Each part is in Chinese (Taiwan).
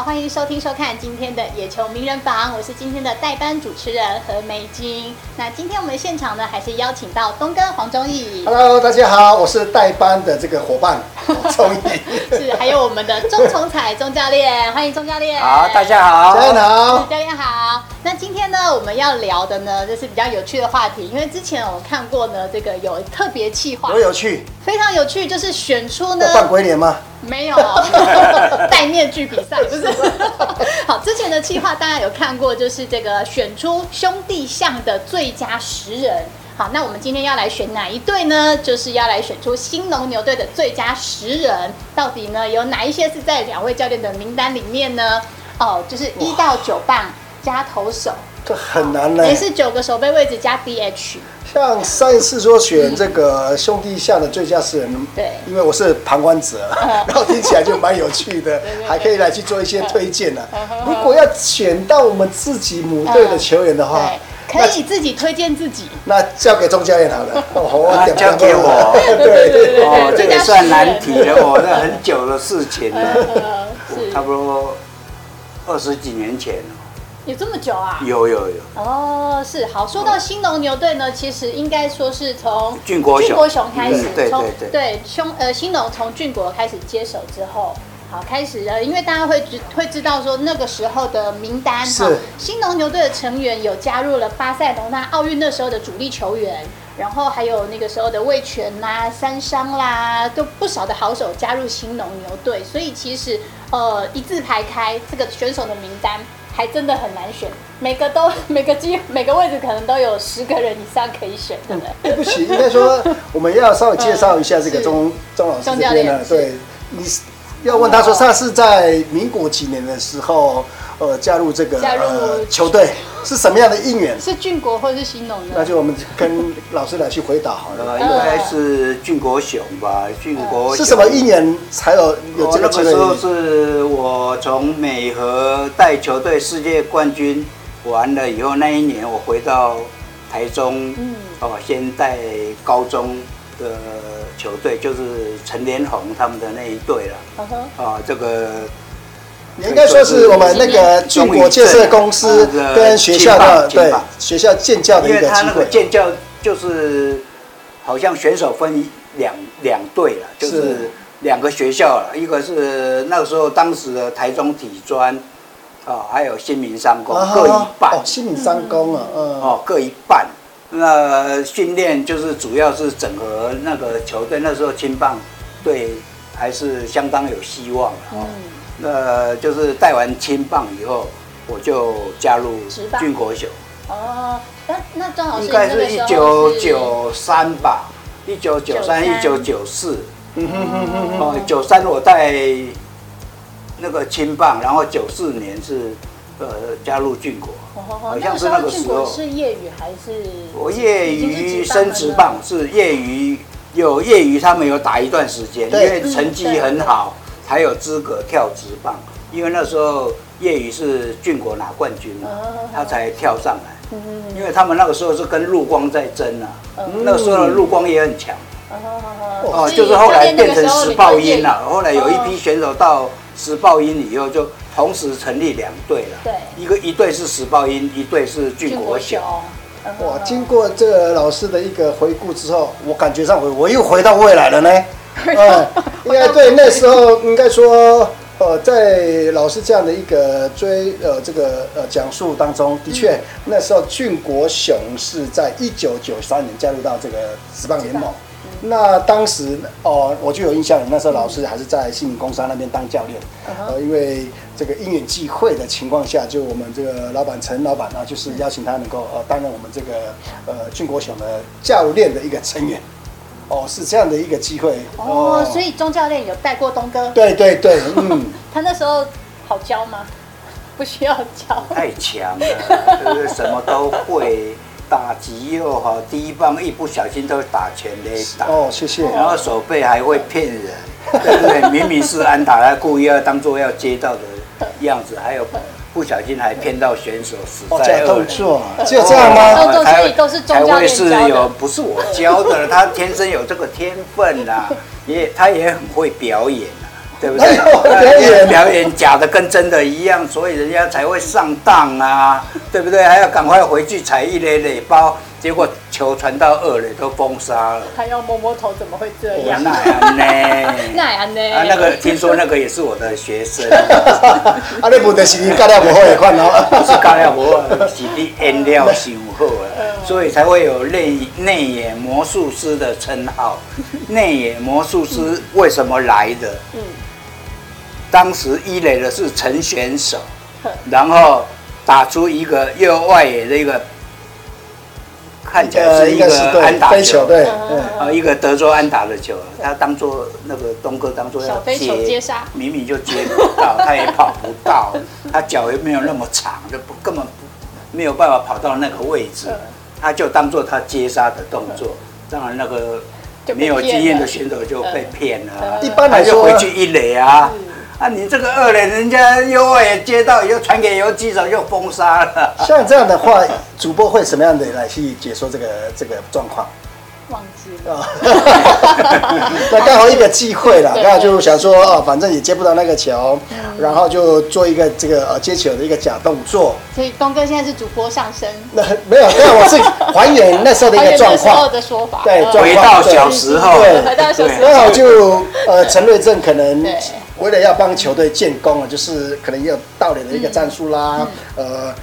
好，歡迎收聽收看今天的《野球名人房》，我是今天的代班主持人何梅晶。那今天我們現場呢，還是邀請到東哥黃忠義。Hello，大家好，我是代班的這個夥伴，黃忠義。 是，還有我們的鍾重彩鍾教練，歡迎鍾教練。好，大家好，教練好，教練好。那今天呢，我們要聊的呢，就是比較有趣的話題，因為之前我看過呢，這個有特別企劃，有,有趣，非常有趣，就是選出呢，扮鬼臉嗎？沒有， 戴面具比賽不是。 好，之前的企劃大家有看過，就是這個選出兄弟象的最佳十人。好，那我們今天要來選哪一隊呢？就是要來選出興農牛隊的最佳十人，到底呢有哪一些是在兩位教練的名單裡面呢？哦，就是一到九棒。加投手這很難呢、欸，也是九個守備位置加 D H。像上一次說選這個兄弟象的最佳十人，對、嗯，因為我是旁觀者，然後聽起來就蠻有趣的，對對對對，還可以來去做一些推薦呢、啊嗯。如果要選到我們自己母隊的球員的話，嗯，可以自己推薦自己。那，那交給鍾教練好了，哦，交給我， 對，對哦，這個算難題了。我那很久的事情了，嗯，差不多二十幾年前。有這麼久啊？有有有哦，是好。說到興農牛隊呢、嗯，其實應該說是從俊,俊國熊開始，對對對對，對對對呃興農從俊國開始接手之後，好開始了，因為大家會知會知道說那個時候的名單哈、哦，興農牛隊的成員有加入了巴塞羅那奧運那時候的主力球員，然後還有那個時候的味全啦、三商啦，都不少的好手加入興農牛隊，所以其實呃一字排開這個選手的名單。還真的很難選，每個都每個機每個位置可能都有十個人以上可以選的，真的。對不起，應該說我們要稍微介紹一下這個鍾鍾、嗯、老師這邊了。對，你要問他說，他是在民國幾年的時候。呃，加入這個入呃球隊是什麼樣的應援？ 是俊國或者是興農的？那就我們跟老師來去回答好了、 呃。應該是俊國熊吧？俊國熊、嗯、是什麼應援才有有這個我那個時候是我從美和帶球隊世界冠軍完了以後，那一年我回到台中，嗯，哦、呃，先帶高中的球隊，就是陳連宏他們的那一隊了。啊、嗯呃，這個。應該說是我們那個中國建設公司跟學校的對學校建教的一個，因為他那個建教就是好像選手分兩兩隊了，就是兩個學校了，一個是那個時候當時的台中體專啊、哦，還有新民商工，各一半。啊、哦，新民商工啊，嗯，哦，各一半。那訓練就是主要是整合那個球隊，那時候青棒隊還是相當有希望了、哦。嗯呃，就是帶完青棒以後，我就加入軍國秀。哦，那那正好是應該是一九九三吧，一九九三、一九九四。嗯哦，九三我帶那個青棒，然後九四年是呃加入軍國。好、哦、像是那個時候、那個、時候是業餘還是？我業餘升職棒是業餘，有業餘他們有打一段時間，因為成績很好。才有資格跳職棒，因為那時候業餘是俊國拿冠軍了，oh, oh, oh, 他才跳上來、嗯。因為他們那個時候是跟陸光在爭啊，oh, um, 那時候的陸光也很強。哦、oh, oh, oh, oh, oh. 啊啊、就是後來變成時報鷹了，啊。後來有一批選手到時報鷹以後，就同時成立兩隊了。對、oh, oh, oh.，一個一隊是時報鷹，一隊是俊國小。我、oh, oh, oh. 經過這個老師的一個回顧之後，我感覺上回我又回到未來了呢。呃 、嗯，應該對，那時候應該說， 呃，在老師這樣的一個追，呃這個呃講述當中，的確、嗯、那時候俊國熊是在一九九三年加入到這個職棒聯盟。那當時哦、呃，我就有印象了，那時候老師還是在信義工商那邊當教練、嗯，呃，因為這個因緣際會的情況下，就我們這個老闆陳老闆呢、啊，就是邀請他能夠呃擔任我們這個呃俊國熊的教練的一個成員。哦，是這樣的一個機會哦，哦，所以鍾教練有帶過東哥，對對對，嗯， 他那時候好教嗎？不需要教，太強了，對不對？什麼都會打擊，打擊又好，第一棒一不小心都會打全壘打哦，謝謝，然後手背還會騙人，對不、哦、對？明明是安打，他故意要當作要接到的樣子，還有。不小心還騙到選手死在動作就這樣嗎？哦呃、才會，都是有不是我教的，他天生有這個天分啊， 也他也很會表演、啊、對不對？他人表，、啊、表演假的跟真的一樣，所以人家才會上當啊，對不對？還要趕快回去踩一累累包。結果球傳到二壘都封殺了，他要摸摸頭怎，怎麼會這樣？無奈安內，那個聽說那個也是我的學生的， 啊，你不得是你幹掉不好的款哦， 不是幹掉不好的，是你顏料修好啊、嗯，所以才會有內內野魔術師的稱號。內 野魔術師為什麼來的？嗯，當時一壘的是陳選手、嗯，然後打出一個右外野的一個。看起來是一個安打球，對，飛球對，嗯，一個德州安打的球，他當作那個東哥當作要接，飛球接殺明明就接不到， 他也跑不到，他腳也沒有那麼長，就不根本不沒有辦法跑到那個位置，他就當作他接殺的動作，當然那個沒有經驗的選手就被騙了，一般來說就回去一壘啊。嗯啊，你這個二了，人家又也接到，又傳給游擊手，又封殺了。像這樣的話，主播會什麼樣的來去解說這個這個狀況？忘記了。那、哦、剛、 嗯、好一個機會了，剛好就想說，啊、哦、反正也接不到那個球，然後就做一個這個呃、啊、接球的一個假動作。所以東哥現在是主播上身。那沒有，沒有，我是還原那時候的一個狀況。小時候的說法對、啊對，對，回到小時候。對，回到小時候。剛好就呃，陳瑞正可能。對為了要幫球隊建功啊，就是可能也有道理的一個戰術啦、嗯嗯，呃，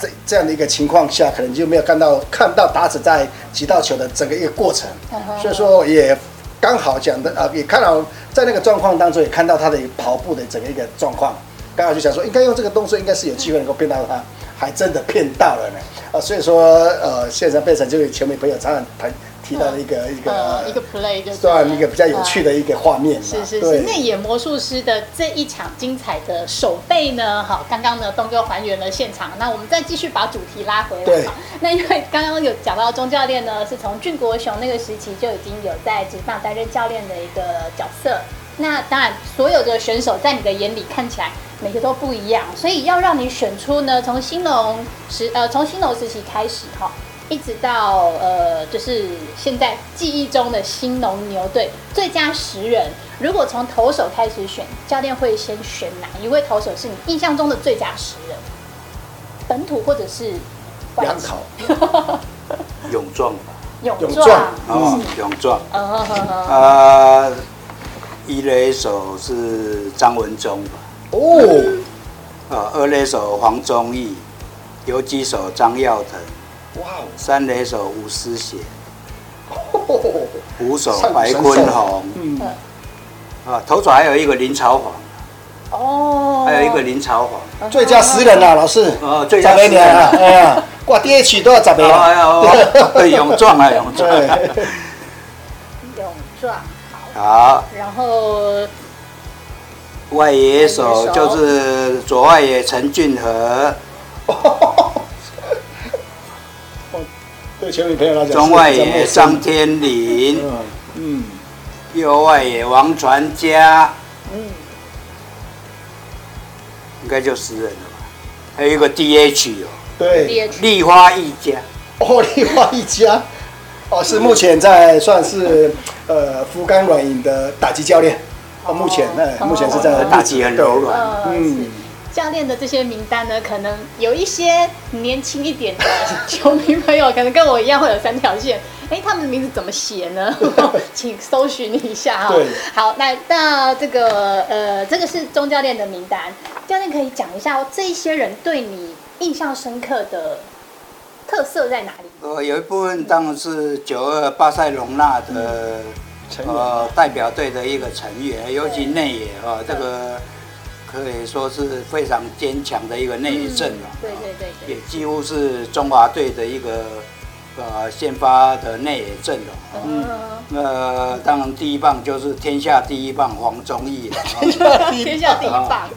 這這樣的一個情況下，可能就沒有看到看不到打者在擊到球的整個一個過程，嗯、所以說也剛好講的啊，也看到在那個狀況當中也看到他的跑步的整個一個狀況，剛好就想說應該用這個動作，應該是有機會能夠騙到他。還真的騙到了呢啊，所以說呃，現在變成這位球迷朋友常常談提到的一個、嗯、一個一個 play，就是算一個比較有趣的一個畫面、嗯。是是是，內野魔術師的這一場精彩的守備呢，好，剛剛呢東哥還原了現場，那我們再繼續把主題拉回來。對。好，那因為剛剛有講到鍾教練呢，是從俊國熊那個時期就已經有在職棒擔任教練的一個角色。那當然所有的選手在你的眼裡看起來。每個都不一樣，所以要讓你選出呢，從興農時呃，從興農時期開始哈，一直到呃，就是現在記憶中的興農牛隊最佳十人。如果從投手開始選，教練會先選哪一位投手是你印象中的最佳十人？本土或者是楊考 勇壯、哦啊、 吧？勇壯啊，勇壯啊一壘手是張文忠吧？Oh. 哦，啊，二壘手黃忠義，游擊手張耀騰，哇、wow. 三壘手吳思賢，五手白昆弘算算算嗯，啊、嗯哦，頭仔還有一個林朝煌，哦、oh.，還有一個林朝煌，uh -huh. 最佳十人啊，老師，哦，最佳十人，啊 啊掛第一曲啊哦、哎呀、哦，掛 DH 都要找的，對，勇壯啊， 啊，勇壯、啊， 勇壯，好，然後。外野手就是左外野陳俊和，對前女朋友來講，中外野張天林，嗯，右外野王傳家，嗯，應該就十人了吧？還有一個 D H 哦，對，立花義家，哦，立花義家，哦，是目前在算是呃福岡軟銀的打擊教練。哦，哦，目前呢、哦、目前是在、哦、打擊很柔軟。嗯、呃，教練的這些名單呢，可能有一些年輕一點的球迷朋友， 可能跟我一樣會有三條線。哎，他們的名字怎麼寫呢？ 請搜尋一下哈、哦。對，好，那那這個呃，這個是鍾教練的名單。教練可以講一下、哦，這一些人對你印象深刻的特色在哪裡？呃，有一部分當然是九二巴塞隆納的、嗯。呃，代表隊的一個成員，尤其內野啊，這個可以說是非常堅強的一個內野陣了。嗯啊、對，對對對，也幾乎是中華隊的一個呃先、啊、發的內野陣容、啊。嗯，那、啊、當然第一棒就是天下第一棒黃忠義。啊、 天下第一棒，啊、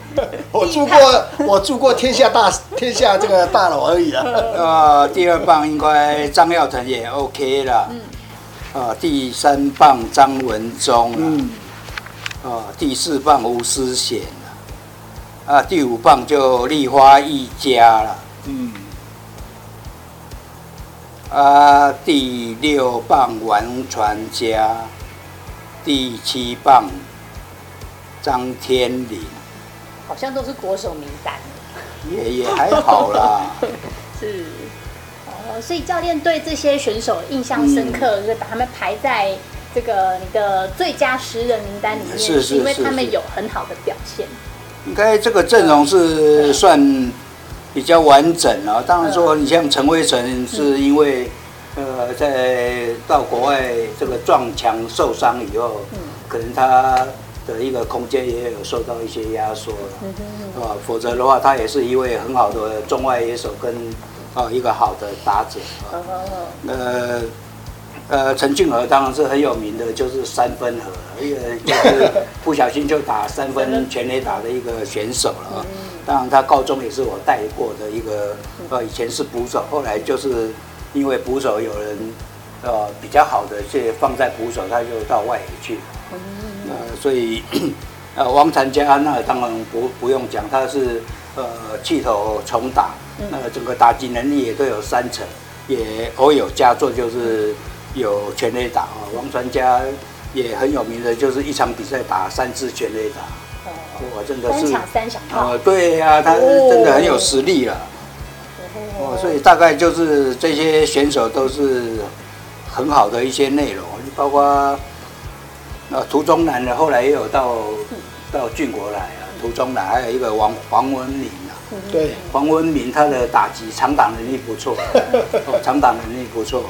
我住過， 我住過天下大天下這個大樓而已了、啊。呃、啊，啊、 第二棒應該張耀騰也 OK 了。嗯啊，第三棒張文宗、啊嗯；啊，第四棒吳思賢啊，啊，第五棒就立花義家了、啊，嗯，啊，第六棒王傳家；第七棒張天麟，好像都是國手名單，也也還好啦， 是。呃、所以教練對這些選手印象深刻，嗯、就是，把他們排在這個你的最佳十人名單裡面，嗯是，是，是，是，就是因為他們有很好的表現。應該這個陣容是算比較完整了，啊。當然說，你像陳威成是因為、嗯、呃，在到國外這個撞牆受傷以後，嗯，可能他的一個空間也有受到一些壓縮了，啊、嗯，否則的話，他也是一位很好的中外野手跟。哦，一個好的打者，好好好呃，呃，陳俊和當然是很有名的，就是三分和，一個就是不小心就打三分全壘打的一個選手了啊。當然，他高中也是我帶過的一個，呃，以前是捕手，後來就是因為捕手有人，呃，比較好的，去放在捕手，他就到外野去了。嗯、嗯、嗯，呃，所以， 呃，王傳家安娜當然不不用講，他是呃，氣頭重打。呃、嗯，那個、整個打擊能力也都有三成，也偶有佳作，就是有全壘打啊。王傳家也很有名的，就是一場比賽打三次全壘打。哦、嗯，我、啊、真的是。三場三強，啊，對呀、啊，他真的很有實力了。哦、啊。所以大概就是這些選手都是很好的一些內容，包括那、啊、涂中南的後來也有到、嗯、到俊國來啊，涂中南還有一個王王文禮。對，黃文明，他的打擊長打能力不錯， 長打能力不錯。